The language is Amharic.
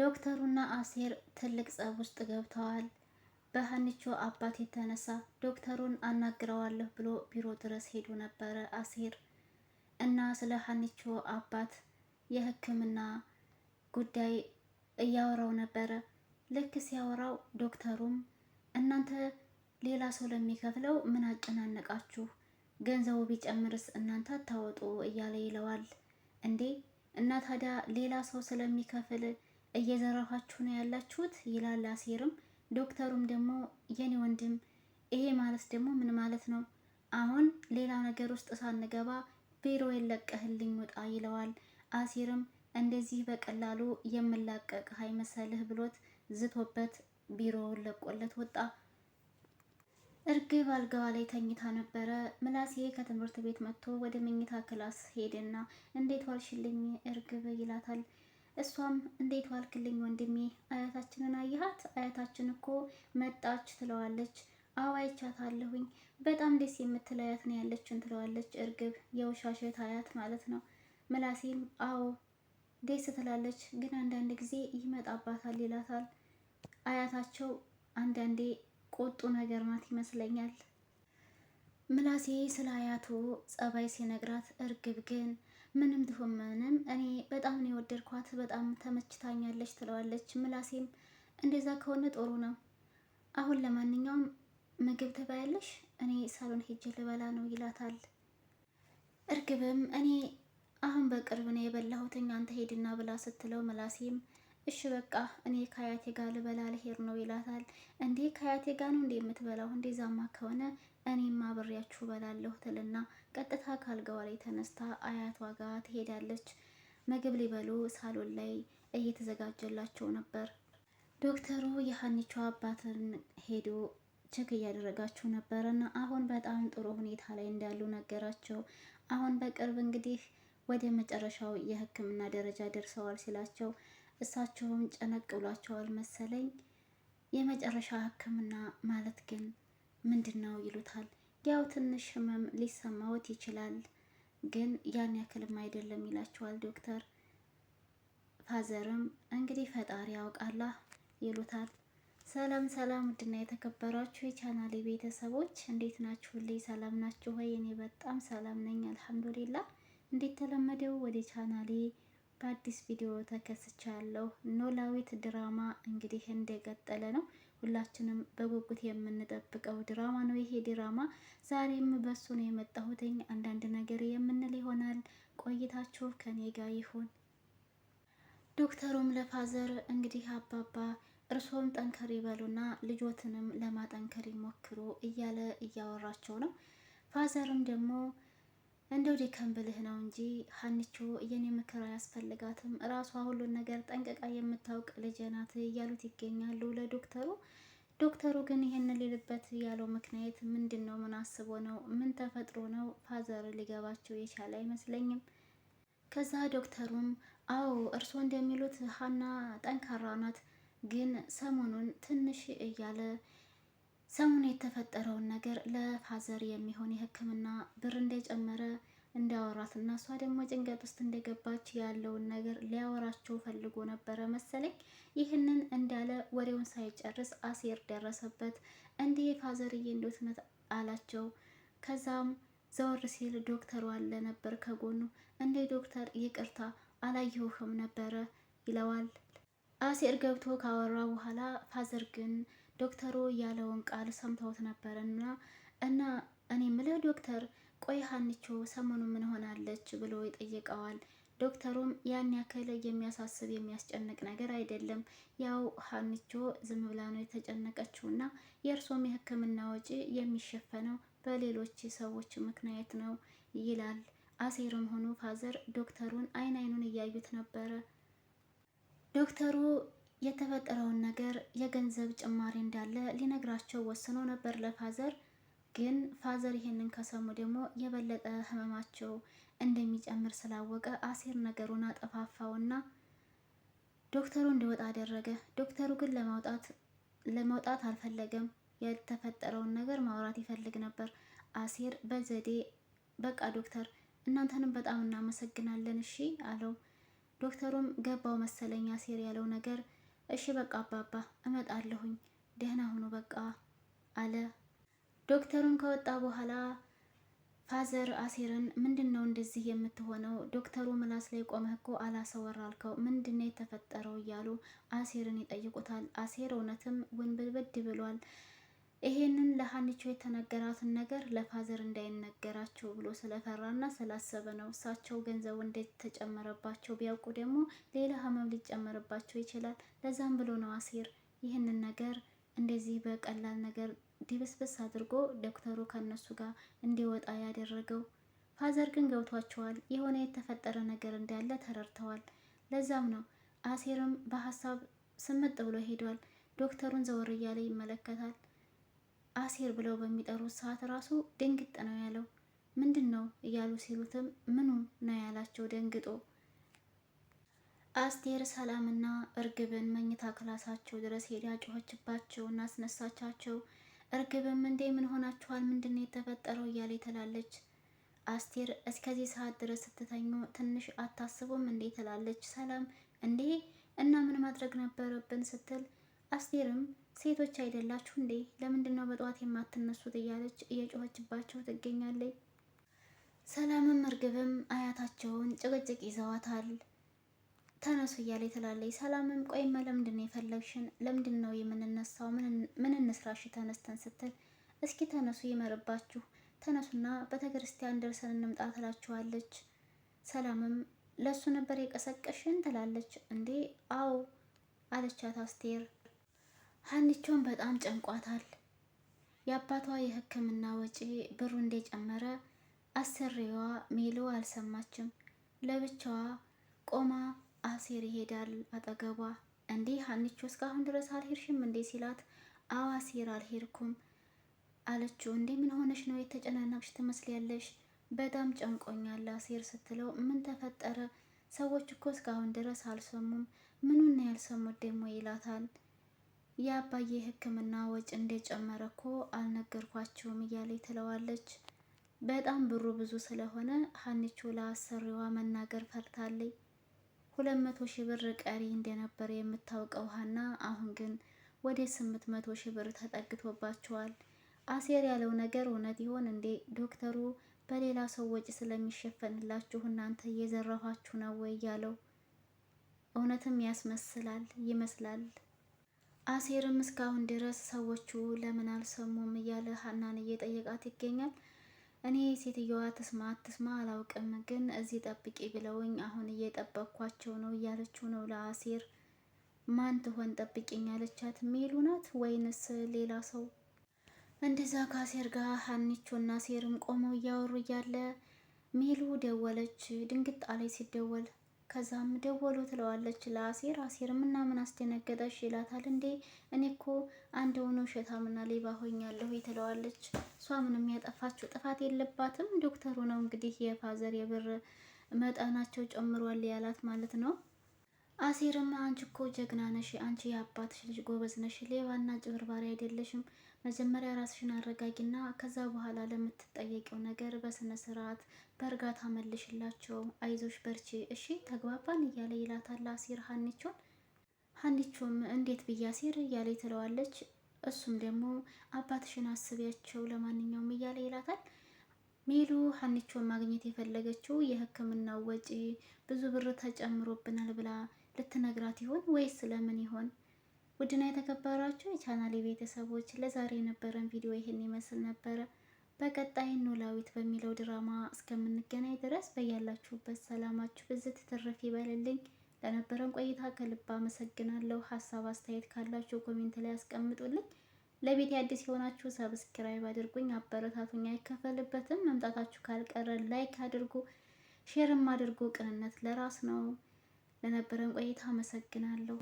ዶክተሩና አሴር ትልቅ ጸብ ውስጥ ገብተዋል። በሀኒቾ አባት የተነሳ ዶክተሩን አናግረዋለሁ ብሎ ቢሮ ድረስ ሄዶ ነበረ አሴር እና ስለ ሀኒቾ አባት የሕክምና ጉዳይ እያወራው ነበረ። ልክ ሲያወራው ዶክተሩም እናንተ ሌላ ሰው ለሚከፍለው ምን አጨናነቃችሁ? ገንዘቡ ቢጨምርስ እናንተ አታወጡ እያለ ይለዋል። እንዴ እና ታዲያ ሌላ ሰው ስለሚከፍል እየዘራኋችሁ ነው ያላችሁት ይላል አሴርም። ዶክተሩም ደግሞ የኔ ወንድም ይሄ ማለት ደግሞ ምን ማለት ነው? አሁን ሌላ ነገር ውስጥ ሳንገባ ቢሮ የለቀህልኝ ውጣ ይለዋል። አሴርም እንደዚህ በቀላሉ የምላቀቅ አይመሰልህ ብሎት ዝቶበት ቢሮውን ለቆለት ወጣ። እርግብ አልጋዋ ላይ ተኝታ ነበረ። ምላሴ ከትምህርት ቤት መጥቶ ወደ መኝታ ክላስ ሄደና እንዴት ዋልሽልኝ እርግብ ይላታል። እሷም እንዴት ዋልክልኝ ወንድሜ፣ አያታችንን አየሃት? አያታችን እኮ መጣች ትለዋለች። አዋይቻት አለሁኝ በጣም ደስ የምትል አያት ነው ያለችን ትለዋለች። እርግብ የውሻሸት አያት ማለት ነው። ምላሴም አዎ ደስ ትላለች፣ ግን አንዳንድ ጊዜ ይመጣባታል ይላታል። አያታቸው አንዳንዴ ቁጡ ነገር ናት ይመስለኛል። ምላሴ ስለ አያቱ ጸባይ ሲነግራት እርግብ ግን ምንም ትሁን ምንም እኔ በጣም ነው የወደድኳት፣ በጣም ተመችታኛለች ትለዋለች። ምላሴም እንደዛ ከሆነ ጥሩ ነው። አሁን ለማንኛውም ምግብ ትበያለሽ፣ እኔ ሳሎን ሄጄ ልበላ ነው ይላታል። እርግብም እኔ አሁን በቅርብ ነው የበላሁትኝ አንተ ሄድና ብላ ስትለው ምላሴም እሺ በቃ እኔ ከአያቴ ጋር ልበላ ልሄድ ነው ይላታል። እንዴ ከአያቴ ጋር ነው እንዴ የምትበላው? እንደዛማ ከሆነ እኔም አብሬያችሁ በላለሁ ትልና ቀጥታ ካልጋዋ ላይ ተነስታ አያቷ ጋር ትሄዳለች። ምግብ ሊበሉ ሳሎን ላይ እየተዘጋጀላቸው ነበር። ዶክተሩ የሀኒቿ አባትን ሄዶ ቼክ እያደረጋቸው ነበር እና አሁን በጣም ጥሩ ሁኔታ ላይ እንዳሉ ነገራቸው። አሁን በቅርብ እንግዲህ ወደ መጨረሻው የሕክምና ደረጃ ደርሰዋል ሲላቸው እሳቸውም ጨነቅ ብሏቸዋል መሰለኝ። የመጨረሻ ሕክምና ማለት ግን ምንድን ነው ይሉታል። ያው ትንሽ ህመም ሊሰማዎት ይችላል፣ ግን ያን ያክልም አይደለም ይላቸዋል ዶክተር። ፋዘርም እንግዲህ ፈጣሪ ያውቃላ ይሉታል። ሰላም ሰላም፣ ውድና የተከበራችሁ የቻናሌ ቤተሰቦች እንዴት ልይ ሰላም ናችሁ ወይ? እኔ በጣም ሰላም ነኝ አልሐምዱሊላ። ተለመደው ወደ ቻናሌ በአዲስ ቪዲዮ ተከስቻለሁ። ኖላዊት ድራማ እንግዲህ እንደቀጠለ ነው። ሁላችንም በጉጉት የምንጠብቀው ድራማ ነው ይሄ ድራማ። ዛሬም በሱ ነው የመጣሁትኝ አንዳንድ ነገር የምንል ይሆናል። ቆይታችሁ ከኔ ጋር ይሁን። ዶክተሩም ለፋዘር እንግዲህ አባባ እርሶም ጠንከር ይበሉና ልጆትንም ለማጠንከር ይሞክሩ እያለ እያወራቸው ነው። ፋዘርም ደግሞ እንደው ደከም ብልህ ነው እንጂ ሀንቾ የኔ ምክር አያስፈልጋትም፣ እራሷ ሁሉን ነገር ጠንቅቃ የምታውቅ ልጅ ናት እያሉት ይገኛሉ ለዶክተሩ። ዶክተሩ ግን ይህን ሊልበት ያለው ምክንያት ምንድን ነው? ምን አስቦ ነው? ምን ተፈጥሮ ነው? ፋዘር ሊገባቸው የቻለ አይመስለኝም። ከዛ ዶክተሩም አዎ እርስዎ እንደሚሉት ሀና ጠንካራ ናት፣ ግን ሰሞኑን ትንሽ እያለ ሰሞኑን የተፈጠረውን ነገር ለፋዘር የሚሆን የሕክምና ብር እንደጨመረ እንዳወራት እና እሷ ደግሞ ጭንቀት ውስጥ እንደገባች ያለውን ነገር ሊያወራቸው ፈልጎ ነበረ መሰለኝ። ይህንን እንዳለ ወሬውን ሳይጨርስ አሴር ደረሰበት። እንዲህ ፋዘርዬ እንዴት ነው አላቸው። ከዛም ዘወር ሲል ዶክተሩ አለ ነበር ከጎኑ። እንዴ ዶክተር ይቅርታ አላየሁህም ነበረ ይለዋል። አሴር ገብቶ ካወራ በኋላ ፋዘር ግን ዶክተሩ ያለውን ቃል ሰምተውት ነበር እና እና እኔ ምልህ ዶክተር ቆይ ሀንቾ ሰሞኑ ምን ሆናለች ብሎ ይጠይቀዋል። ዶክተሩም ያን ያክል የሚያሳስብ የሚያስጨንቅ ነገር አይደለም፣ ያው ሀንቾ ዝም ብላ ነው የተጨነቀችው እና የእርሶም የሕክምና ወጪ የሚሸፈነው በሌሎች ሰዎች ምክንያት ነው ይላል። አሴርም ሆኑ ፋዘር ዶክተሩን አይን አይኑን እያዩት ነበረ። ዶክተሩ የተፈጠረውን ነገር የገንዘብ ጭማሪ እንዳለ ሊነግራቸው ወስኖ ነበር ለፋዘር። ግን ፋዘር ይሄንን ከሰሙ ደግሞ የበለጠ ህመማቸው እንደሚጨምር ስላወቀ አሴር ነገሩን አጠፋፋውና ዶክተሩ እንዲወጣ አደረገ። ዶክተሩ ግን ለማውጣት ለመውጣት አልፈለገም። የተፈጠረውን ነገር ማውራት ይፈልግ ነበር። አሴር በዘዴ በቃ ዶክተር እናንተንም በጣም እናመሰግናለን እሺ አለው። ዶክተሩም ገባው መሰለኝ አሴር ያለው ነገር እሺ በቃ አባባ እመጣለሁኝ፣ ደህና ሁኑ በቃ አለ። ዶክተሩን ከወጣ በኋላ ፋዘር አሴርን ምንድን ነው እንደዚህ የምትሆነው? ዶክተሩ ምላስ ላይ ቆመህ እኮ አላሰወራልከው አልከው፣ ምንድን ነው የተፈጠረው? እያሉ አሴርን ይጠይቁታል። አሴር እውነትም ውንብድብድ ብሏል። ይሄንን ለሀኒቾ የተነገራትን ነገር ለፋዘር እንዳይነገራቸው ብሎ ስለፈራና ስላሰበ ነው። እሳቸው ገንዘቡ እንደተጨመረባቸው ቢያውቁ ደግሞ ሌላ ህመም ሊጨመርባቸው ይችላል። ለዛም ብሎ ነው አሴር ይህንን ነገር እንደዚህ በቀላል ነገር ዲበስበስ አድርጎ ዶክተሩ ከነሱ ጋር እንዲወጣ ያደረገው። ፋዘር ግን ገብቷቸዋል። የሆነ የተፈጠረ ነገር እንዳለ ተረድተዋል። ለዛም ነው አሴርም በሀሳብ ስምጥ ብሎ ሄዷል። ዶክተሩን ዘወር እያለ ይመለከታል። አሴር ብለው በሚጠሩት ሰዓት ራሱ ድንግጥ ነው ያለው። ምንድን ነው እያሉ ሲሉትም ምኑ ነው ያላቸው ደንግጦ። አስቴር ሰላምና እርግብን መኝታ ክላሳቸው ድረስ ሄዳ ጮኸችባቸው እና አስነሳቻቸው። እርግብም እንዴ ምን ሆናችኋል? ምንድን ነው የተፈጠረው? እያለ ትላለች። አስቴር እስከዚህ ሰዓት ድረስ ስትተኙ ትንሽ አታስቡም እንዴ ትላለች። ሰላም እንዴ እና ምን ማድረግ ነበረብን ስትል አስቴርም ሴቶች አይደላችሁ እንዴ ለምንድን ነው በጠዋት የማትነሱት? እያለች እየጮኸችባቸው ትገኛለች። ሰላምም እርግብም አያታቸውን ጭቅጭቅ ይዘዋታል። ተነሱ እያለ ትላለች። ሰላምም ቆይማ ለምንድን ነው የፈለግሽን? ለምንድን ነው የምንነሳው? ምን እንስራሽ ተነስተን ስትል እስኪ ተነሱ ይመርባችሁ፣ ተነሱና ቤተ ክርስቲያን ደርሰን እንምጣ ትላችኋለች። ሰላምም ለሱ ነበር የቀሰቀሽን ትላለች። እንዴ አዎ አለቻት አስቴር ሀኒቾን በጣም ጨንቋታል። የአባቷ የሕክምና ወጪ ብሩ እንደጨመረ አሰሪዋ ሜሎ አልሰማችም። ለብቻዋ ቆማ አሴር ይሄዳል አጠገቧ። እንዴ ሀኒቾ እስካሁን ድረስ አልሄድሽም እንዴ ሲላት፣ አዎ አሴር አልሄድኩም አለችው። እንዴ ምን ሆነሽ ነው? የተጨናነቅሽ ትመስያለሽ። በጣም ጨንቆኛል አሴር ስትለው፣ ምን ተፈጠረ? ሰዎች እኮ እስካሁን ድረስ አልሰሙም። ምኑን ያልሰሙት ደግሞ ይላታል። የአባዬ ሕክምና ወጪ እንደጨመረ እኮ አልነገርኳችሁም እያለ ትለዋለች። በጣም ብሩ ብዙ ስለሆነ ሀኒቾ ለአሰሪዋ መናገር ፈርታለች። ሁለት መቶ ሺህ ብር ቀሪ እንደነበረ የምታውቀው ሀና አሁን ግን ወደ ስምንት መቶ ሺህ ብር ተጠግቶባቸዋል። አሴር ያለው ነገር እውነት ይሆን እንዴ? ዶክተሩ በሌላ ሰው ወጪ ስለሚሸፈንላችሁ እናንተ እየዘረፋችሁ ነው ወይ? ያለው እውነትም ያስመስላል ይመስላል አሴርም እስካሁን ድረስ ሰዎቹ ለምን አልሰሙም እያለ ሀናን እየጠየቃት ይገኛል። እኔ ሴትየዋ ትስማ አትስማ አላውቅም፣ ግን እዚህ ጠብቂ ብለውኝ አሁን እየጠበቅኳቸው ነው እያለችው ነው ለአሴር። ማን ትሆን ጠብቂኝ ያለቻት ሜሉ ናት ወይንስ ሌላ ሰው? እንደዛ ከአሴር ጋር ሀኒቾና አሴርም ቆመው እያወሩ እያለ ሜሉ ደወለች። ድንግጣ ላይ ሲደወል ከዛም ደወሉ ትለዋለች ለአሴር። አሴር ምናምን አስደነገጠሽ ይላታል። እንዴ እኔ እኮ አንድ የሆነ ውሸታምና ሌባ ሆኛለሁ ትለዋለች። እሷ ምንም ያጠፋችው ጥፋት የለባትም። ዶክተሩ ነው እንግዲህ የፋዘር የብር መጠናቸው ጨምሯል ያላት ማለት ነው። አሴርም አንቺ እኮ ጀግና ነሽ፣ አንቺ የአባትሽ ልጅ ጎበዝ ነሽ፣ ሌባና ጭበርባሪ አይደለሽም መጀመሪያ ራስሽን አረጋጊና ከዛ በኋላ ለምትጠየቂው ነገር በስነ ስርዓት በእርጋታ መልሽላቸው። አይዞሽ በርቺ፣ እሺ ተግባባን እያለ ይላታል አሲር ሀኒቾን። ሀኒቾም እንዴት ብዬ አሲር እያለ ትለዋለች። እሱም ደግሞ አባትሽን አስቢያቸው ለማንኛውም እያለ ይላታል። ሜሉ ሀኒቾን ማግኘት የፈለገችው የህክምናው ወጪ ብዙ ብር ተጨምሮብናል ብላ ልትነግራት ይሆን ወይስ ለምን ይሆን? ውድና የተከበራችሁ የቻናሌ ቤተሰቦች ለዛሬ የነበረን ቪዲዮ ይህን ይመስል ነበረ። በቀጣይ ኖላዊት በሚለው ድራማ እስከምንገናኝ ድረስ በያላችሁበት ሰላማችሁ ብዝት ትርፍ ይበልልኝ። ለነበረን ቆይታ ከልብ አመሰግናለሁ። ሀሳብ አስተያየት ካላችሁ ኮሜንት ላይ አስቀምጡልኝ ለቤት አዲስ የሆናችሁ ሰብስክራይብ አድርጉኝ፣ አበረታቱኝ። አይከፈልበትም። መምጣታችሁ ካልቀረ ላይክ አድርጉ፣ ሼርም አድርጉ። ቅንነት ለራስ ነው። ለነበረን ቆይታ አመሰግናለሁ።